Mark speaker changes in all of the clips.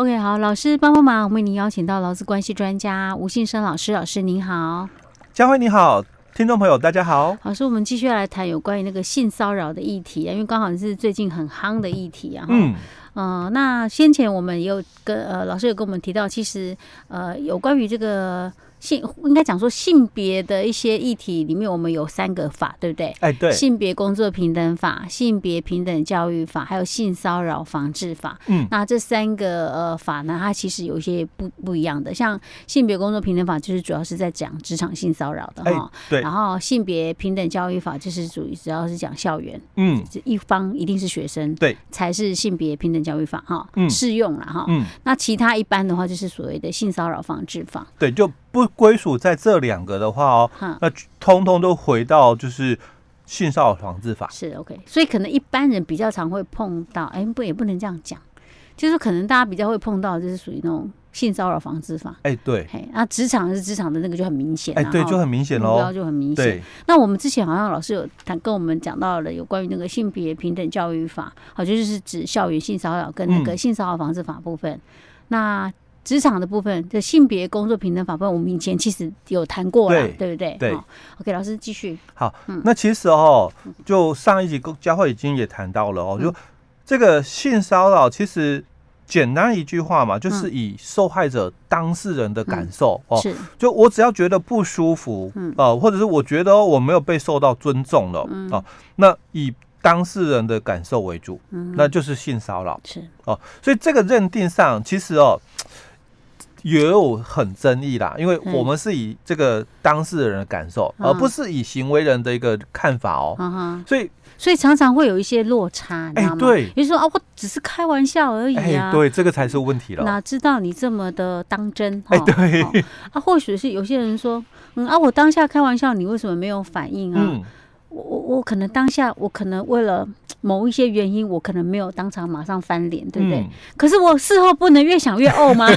Speaker 1: OK，好，老師幫幫忙，我們已經邀請到勞資關係專家吳信昇老師，老師您好。
Speaker 2: 佳慧你好，聽眾朋友大家好。
Speaker 1: 老師，我們繼續來談有關於那個性騷擾的議題，因為剛好是最近很夯的議題啊，嗯，呃，那先前我們也有跟呃老師有跟我們提到，其實呃有關於這個。性應該講說性別的一些議題裡面，我們有三個法，對不對？哎、欸，對。性別工作平等法、性別平等教育法，還有性騷擾防治法。嗯，那這三個呃法呢，它其實有一些不不一樣的。像性別工作平等法，就是主要是在講職場性騷擾的哈、欸。對。然後性別平等教育法就是主只要是講校園，嗯，一方一定是學生，對，才是性別平等教育法哈，適用了哈。嗯。嗯那其他一般的話，就是所謂的性騷擾防治法。
Speaker 2: 對，就。不歸屬在這兩個的話哦，哈那通通都回到就是性騷擾防治法是 OK，
Speaker 1: 所以可能一般人比較常會碰到，哎、欸，不也不能這樣講，就是可能大家比較會碰到就是屬於那種性騷擾防治法，
Speaker 2: 哎、欸、對，欸、啊、那
Speaker 1: 職場是職場的那個就很明顯，哎、欸、對，就很明顯嘍，就很明顯。那我們之前好像老師有談跟我們講到了有關於那個性別平等教育法，好像就是指校園性騷擾跟那個性騷擾防治法部分，嗯、那。職場的部分的性別工作平等法，部分我們以前其實有談過了，對不對？對，OK，老師繼續。
Speaker 2: 好，那其實哦，就上一集教誨已經也談到了哦，就這個性騷擾，其實簡單一句話嘛，就是以受害者當事人的感受哦，就我只要覺得不舒服，哦或者是我覺得我沒有被受到尊重了哦，那以當事人的感受為主，那就是性騷擾。是哦，所以這個認定上，其實哦。也有很爭議啦，因為我們是以這個當事人的感受，對而不是以行為人的一個看法哦、喔，uh、huh, 所以
Speaker 1: 所以常常會有一些落差，你知道嗎？比如、欸、說啊，我只是開玩笑而已、啊欸、對，
Speaker 2: 這個才是問題了。哪
Speaker 1: 知道你這麼的當真？哎、哦欸，對、哦，啊，或許是有些人說，嗯啊，我當下開玩笑，你為什麼沒有反應啊？嗯我我可能當下我可能為了某一些原因，我可能沒有當場馬上翻臉，嗯、對不對？可是我事後不能越想越慪嗎？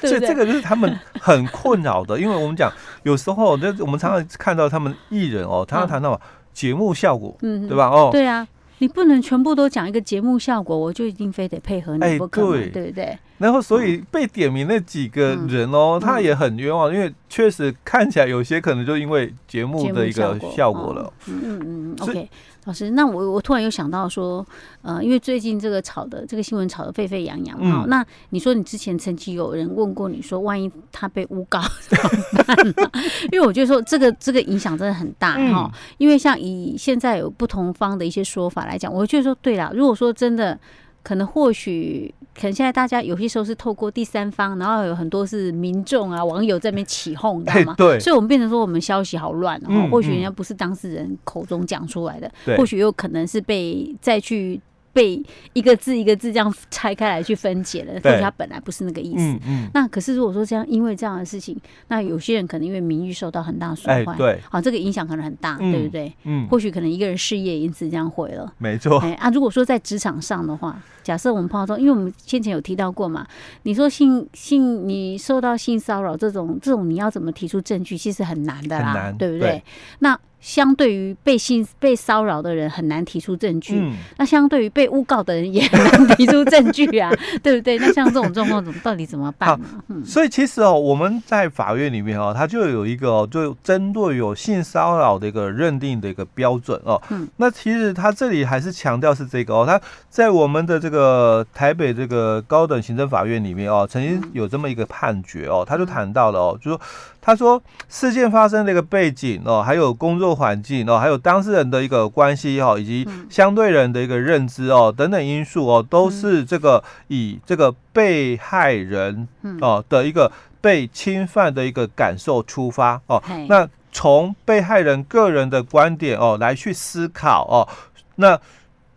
Speaker 2: 所以這個就是他們很困擾的， 因為我們講有時候，那、就是、我們常常看到他們藝人哦，嗯、常常談到節目效果，嗯，對吧？哦，對
Speaker 1: 啊，你不能全部都講一個節目效果，我就一定非得配合你，哎、不可對，對不對？
Speaker 2: 然後，所以被點名那幾個人哦，嗯、他也很冤枉，嗯、因為確實看起來有些可能就因為節目的一個效果了。果哦、嗯
Speaker 1: 嗯是，OK，老師，那我我突然又想到說，呃，因為最近這個炒的這個新聞炒得沸沸揚揚，嗯哦，那你說你之前曾經有人問過你說，萬一他被誣告怎麼辦？ 因為我覺得說這個這個影響真的很大哈、嗯哦，因為像以現在有不同方的一些說法來講，我覺得說對啦，如果說真的。可能或許，可能現在大家有些時候是透過第三方，然後有很多是民眾啊、網友在那邊起哄你知道嗎、欸？對，所以我們變成說，我們消息好亂、喔，哦、嗯。嗯、或許人家不是當事人口中講出來的，對或許又可能是被再去。被一個字一個字這樣拆開來去分解了，所以對他本來不是那個意思。嗯、嗯，那可是如果說這樣，因為這樣的事情，那有些人可能因為名譽受到很大損壞、欸。對、啊。這個影響可能很大，嗯、對不對？嗯。或許可能一個人事業因此這樣毀了。
Speaker 2: 沒錯錯、欸。啊，
Speaker 1: 如果說在職場上的話，假設我們碰到說，因為我們先前有提到過嘛，你說性性，你受到性騷擾這種這種，這種你要怎麼提出證據？其實很難的啦，難對不對？對，那。相對於被性被騷擾的人很難提出證據，嗯、那相對於被誣告的人也難提出證據啊， 對不對？那像這種狀況怎麼， 到底怎麼
Speaker 2: 辦呢？好嗯、所以其實哦，我們在法院裡面哦，它就有一個、哦、就針對有性騷擾的一個認定的一個標準哦。嗯、那其實它這裡還是強調是這個哦，它在我們的這個台北這個高等行政法院裡面哦，曾經有這麼一個判決哦，嗯、他就談到了哦，嗯、就說。他說，事件發生的一個背景哦，還有工作環境哦，還有當事人的一個關係也好，以及相對人的一個認知哦，等等因素哦，都是這個以這個被害人哦的一個被侵犯的一個感受出發哦。那從被害人個人的觀點哦來去思考哦，那。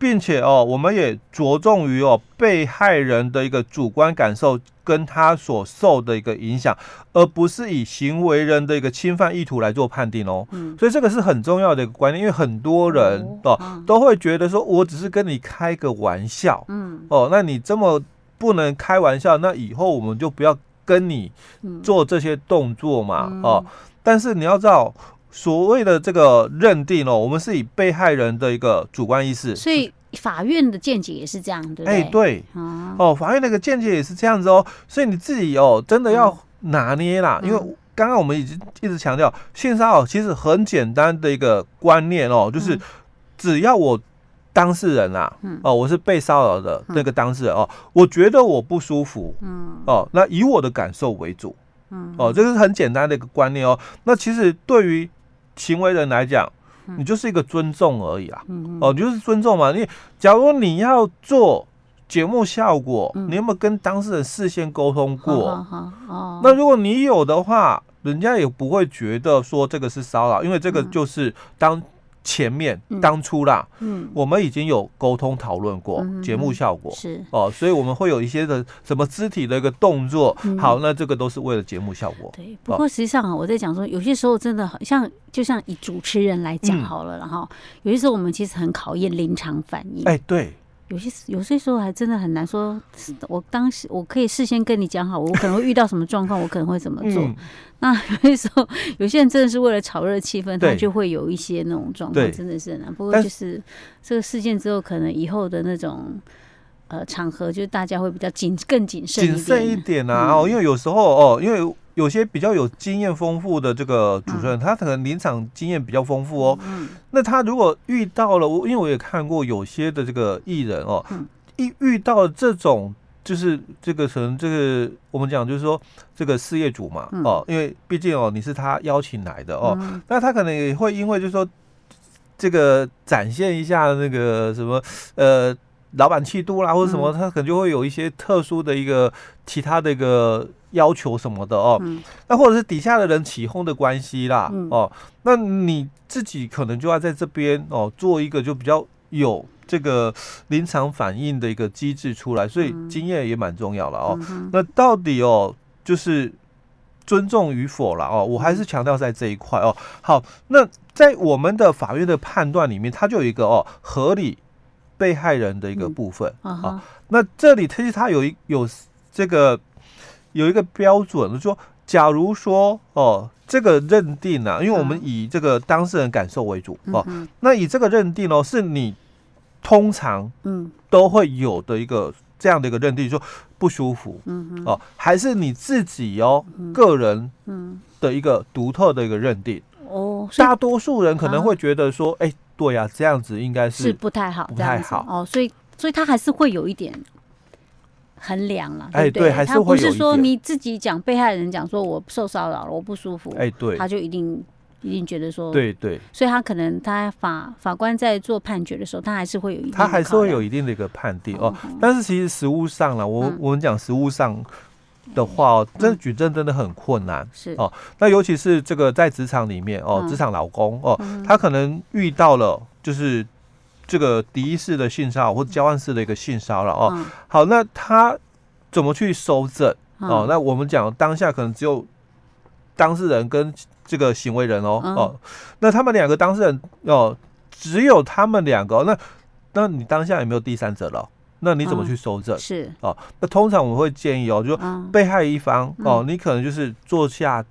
Speaker 2: 並且哦，我們也着重於哦被害人的一個主觀感受跟他所受的一個影響，而不是以行為人的一個侵犯意圖來做判定哦。嗯，所以這個是很重要的一個觀念，因為很多人哦，哦都會覺得說我只是跟你開個玩笑，嗯，哦，那你這麼不能開玩笑，那以後我們就不要跟你做這些動作嘛，嗯嗯，哦。但是你要知道。所謂的這個認定哦，我們是以被害人的一個主觀意識，所
Speaker 1: 以法院的見解也是這樣的。哎，
Speaker 2: 對哦，法院那個見解也是這樣子哦，所以你自己哦，真的要拿捏啦，嗯、因為剛剛我們已經一直強調，性騷擾、哦、其實很簡單的一個觀念哦，就是只要我當事人啦、啊，哦，我是被騷擾的那個當事人哦，嗯嗯、我覺得我不舒服，嗯，哦，那以我的感受為主，嗯，哦，這個是很簡單的一個觀念哦，那其實對於。行為人來講，你就是一個尊重而已啊，嗯、哼哦，你就是尊重嘛。你假如你要做節目效果，你有沒有跟當事人事先溝通過？
Speaker 1: 嗯、那
Speaker 2: 如果你有的話，人家也不會覺得說這個是騷擾，因為這個就是當。嗯前面當初啦，嗯，嗯我們已經有溝通討論過節、嗯、目效果是哦，所以我們會有一些的什麼肢體的一個動作，嗯、好，那這個都是為了節目效果。對，不過實
Speaker 1: 際上啊，我在講說，、哦、說，有些時候真的像就像以主持人來講好了，嗯、然後有些時候我們其實很考驗臨場反應。哎、欸，對。有些有些時候還真的很難說，我當時我可以事先跟你講好，我可能會遇到什麼狀況， 我可能會怎麼做。嗯、那有些時候，有些人真的是為了炒熱氣氛，對他就會有一些那種狀況，對真的是很難。不過就是，是這個事件之後，可能以後的那種呃場合，就是大家會比較謹更謹慎謹慎一點啊。哦、
Speaker 2: 嗯，因為有時候哦，因為。有些比較有經驗豐富的這個主持人，他可能臨場經驗比較豐富哦。那他如果遇到了我，因為我也看過有些的這個藝人哦，一遇到了這種就是這個可能這個我們講就是說這個事業主嘛，哦，因為畢竟哦，你是他邀請來的哦，那他可能也會因為就是說這個展現一下那個什麼呃。老闆氣度啦，或者什麼，他可能就會有一些特殊的一個其他的一個要求什麼的哦。嗯、那或者是底下的人起鬨的關係啦，嗯、哦，那你自己可能就要在這邊哦，做一個就比較有這個臨場反應的一個機制出來，所以經驗也蠻重要了哦。嗯嗯、那到底哦，就是尊重與否啦，哦，我還是強調在這一塊哦。好，那在我們的法院的判斷裡面，它就有一個哦，合理。被害人的一個部分、嗯啊啊、那這裡其實它，有一有這個有一個標準，就是、說假如說哦、呃，這個認定啊，因為我們以這個當事人感受為主哦、嗯哼啊，那以這個認定哦，是你通常嗯都會有的一個這樣的一個認定，就是、說不舒服嗯哼、啊、還是你自己哦個人嗯的一個獨特的一個認定哦，啊、大多數人可能會覺得說哎。欸對呀，這樣子應該是是不
Speaker 1: 太好，不太好哦。所以，所以他還是會有一點衡量了。哎、欸，對，對，對，還是他不是說你自己講被害人講說我受騷擾了，我不舒服。哎、欸，對，他就一定一定覺得說，對，對對。所以他可能他法法官在做判決的時候，他還是會有一他還
Speaker 2: 是會有一定的一個判定哦。嗯嗯、但是其實實務上了，我我們講實務上。嗯的話哦，這舉證真的很困難，嗯、是哦。那尤其是這個在職場裡面哦，職、嗯、場老公哦，嗯、他可能遇到了就是這個敵意式的性騷擾或者交換式的一個性騷擾哦。嗯、好，那他怎麼去搜證？哦，嗯、那我們講當下可能只有當事人跟這個行為人哦、嗯、哦，那他們兩個當事人哦，只有他們兩個，那那你當下有沒有第三者了？那你怎麼去收證？是哦，那通常我們會建議哦，就說被害一方哦，你可能就是做下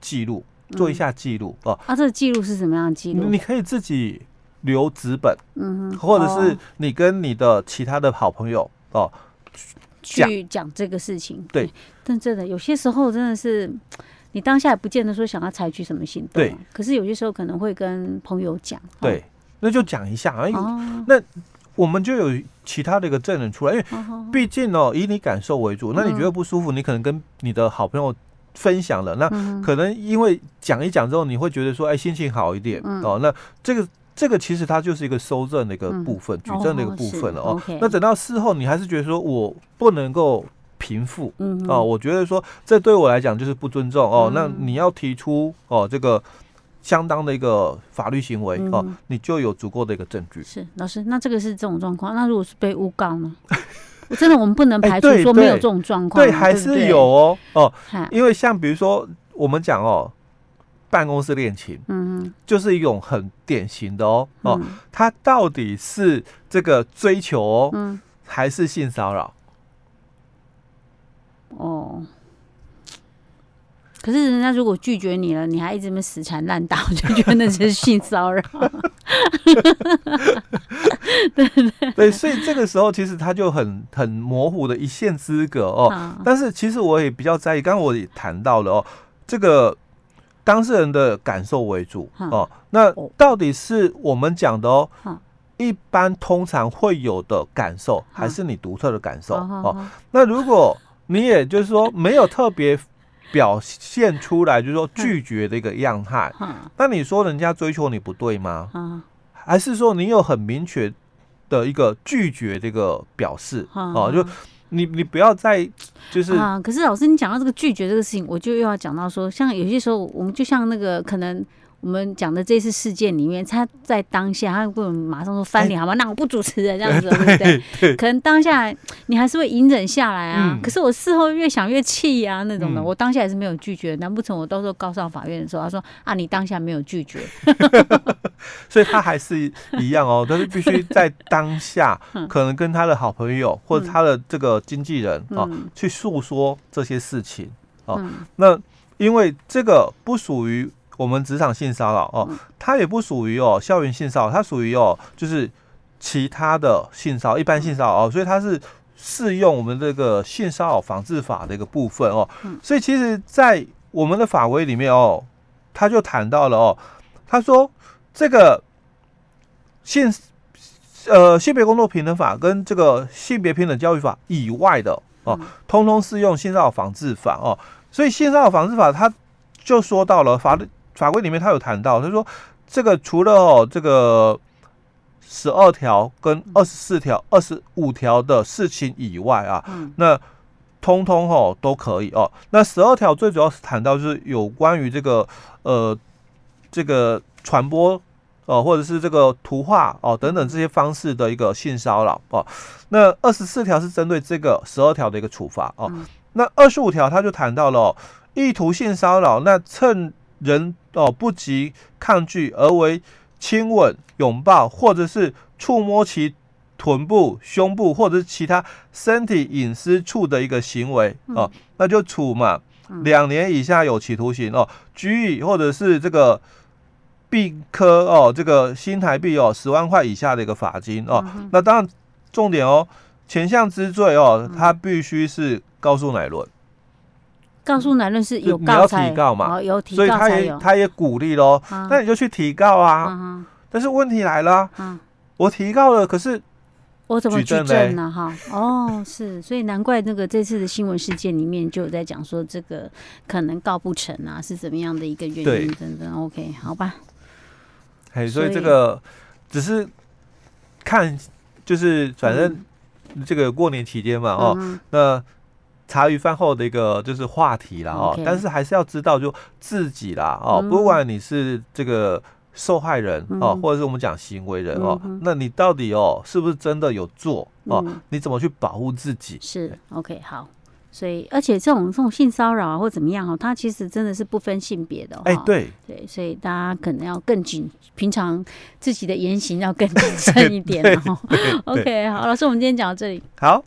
Speaker 2: 記錄，做一下記錄哦。
Speaker 1: 啊，這個記錄是什麼樣的記錄？你可
Speaker 2: 以自己留紙本，
Speaker 1: 嗯哼，或者是
Speaker 2: 你跟你的其他的好朋友哦，
Speaker 1: 去講這個事情。對，但真的有些時候真的是，你當下也不見得說想要採取什麼行動，對。可是有些時候可能會跟朋友講，
Speaker 2: 對，那就講一下啊，那。我們就有其他的一個證人出來，因為畢竟哦，以你感受為主，嗯、那你覺得不舒服，你可能跟你的好朋友分享了，那可能因為講一講之後，你會覺得說，哎、欸，心情好一點、嗯、哦。那這個這個其實它就是一個收證的一個部分，嗯、舉證的一個部分了哦。哦 okay、那等到事後，你還是覺得說我不能夠平復，嗯、哼哦，我覺得說這對我來講就是不尊重哦。嗯、那你要提出哦，這個。相當的一個法律行為，嗯、哼哦，你就有足夠的一個證據。是
Speaker 1: 老師，那這個是這種狀況。那如果是被誣告呢？ 我真的，我們不能排除說沒有這種狀況。欸、對，對，還是有
Speaker 2: 哦哦，哈因為像比如說我們講哦，辦公室戀情，嗯哼，就是一種很典型的哦哦，他，嗯、到底是這個追求，哦，嗯、還是性騷擾？
Speaker 1: 哦。可是人家如果拒絕你了，你還一直那死纏爛打，我就覺得那是性騷擾。
Speaker 2: 對，所以這個時候其實他就很很模糊的一線之隔哦。嗯、但是其實我也比較在意，剛剛我也談到了哦，這個當事人的感受為主、嗯、哦。那到底是我們講的哦，嗯、一般通常會有的感受，嗯、還是你獨特的感受哦？那如果你也就是說沒有特別。表現出來就是說拒絕的一個樣態，但、嗯、你說人家追求你不對嗎？嗯、還是說你有很明確的一個拒絕這個表示哦、嗯啊，就你你不要再就是啊、嗯。
Speaker 1: 可是老師，你講到這個拒絕這個事情，我就又要講到說，像有些時候我們就像那個可能。我們講的這次事件裡面，他在當下，他不能馬上說翻臉，好嗎？欸、那我不主持人這樣子，對不對，對？可能當下你還是會隱忍下來啊。嗯、可是我事後越想越氣呀、啊，那種的。嗯、我當下還是沒有拒絕，難不成我到時候告上法院的時候，他說啊，你當下沒有拒絕？
Speaker 2: 所以他還是一樣哦，但 是必須在當下，可能跟他的好朋友或者他的這個經紀人啊，嗯、去訴說這些事情啊。嗯、那因為這個不屬於。我們職場性騷擾哦，它也不屬於哦，校園性騷擾，它屬於哦，就是其他的性騷擾，一般性騷擾哦，所以它是適用我們這個性騷擾防治法的一個部分哦，所以其實，在我們的法規裡面哦，他就談到了哦，他說這個性呃性別工作平等法跟這個性別平等教育法以外的哦，通通適用性騷擾防治法哦，所以性騷擾防治法他就說到了法律。法規裡面他有談到，他說這個除了哦這個十二條跟二十四條、二十五條的事情以外啊，那通通哦都可以哦。那十二條最主要是談到就是有關於這個呃這個傳播哦、啊、或者是這個圖畫哦、啊、等等這些方式的一個性騷擾哦。那二十四條是針對這個十二條的一個處罰哦。那二十五條他就談到了、哦、意圖性騷擾，那趁人哦，不及抗拒而為親吻、擁抱，或者是觸摸其臀部、胸部或者是其他身體隱私處的一個行為哦，嗯、那就處嘛兩年以下有期徒刑哦，拘役或者是這個併科哦，這個新台幣哦十萬塊以下的一個罰金哦。嗯、哼那當然重點哦，前項之罪哦，它必須是告訴乃論。
Speaker 1: 告訴男人是有，你要提告嘛？有提告才有，所以他也他
Speaker 2: 也鼓勵嘍。那你就去提告啊！但是問題來了，我提告了，可是
Speaker 1: 我怎麼舉證呢？哈，哦，是，所以難怪那個這次的新聞事件裡面就有在講說，這個可能告不成啊，是怎麼樣的一個原因等等？OK，好吧。
Speaker 2: 哎，所以這個只是看，就是反正這個過年期間嘛，哦，那。茶餘飯後的一個就是話題了哦，okay, 但是還是要知道就自己啦哦，嗯、不管你是這個受害人哦，嗯、或者是我們講行為人哦，嗯嗯、那你到底哦是不是真的有做哦、嗯啊？你怎麼去保護自己？是
Speaker 1: OK 好，所以而且這種這種性騷擾或怎麼樣哦，它其實真的是不分性別的、哦。哎、欸、對對，所以大家可能要更謹平常自己的言行要更謹慎一點哦。
Speaker 2: OK
Speaker 1: 好，老師，我們今天講到這裡。
Speaker 2: 好。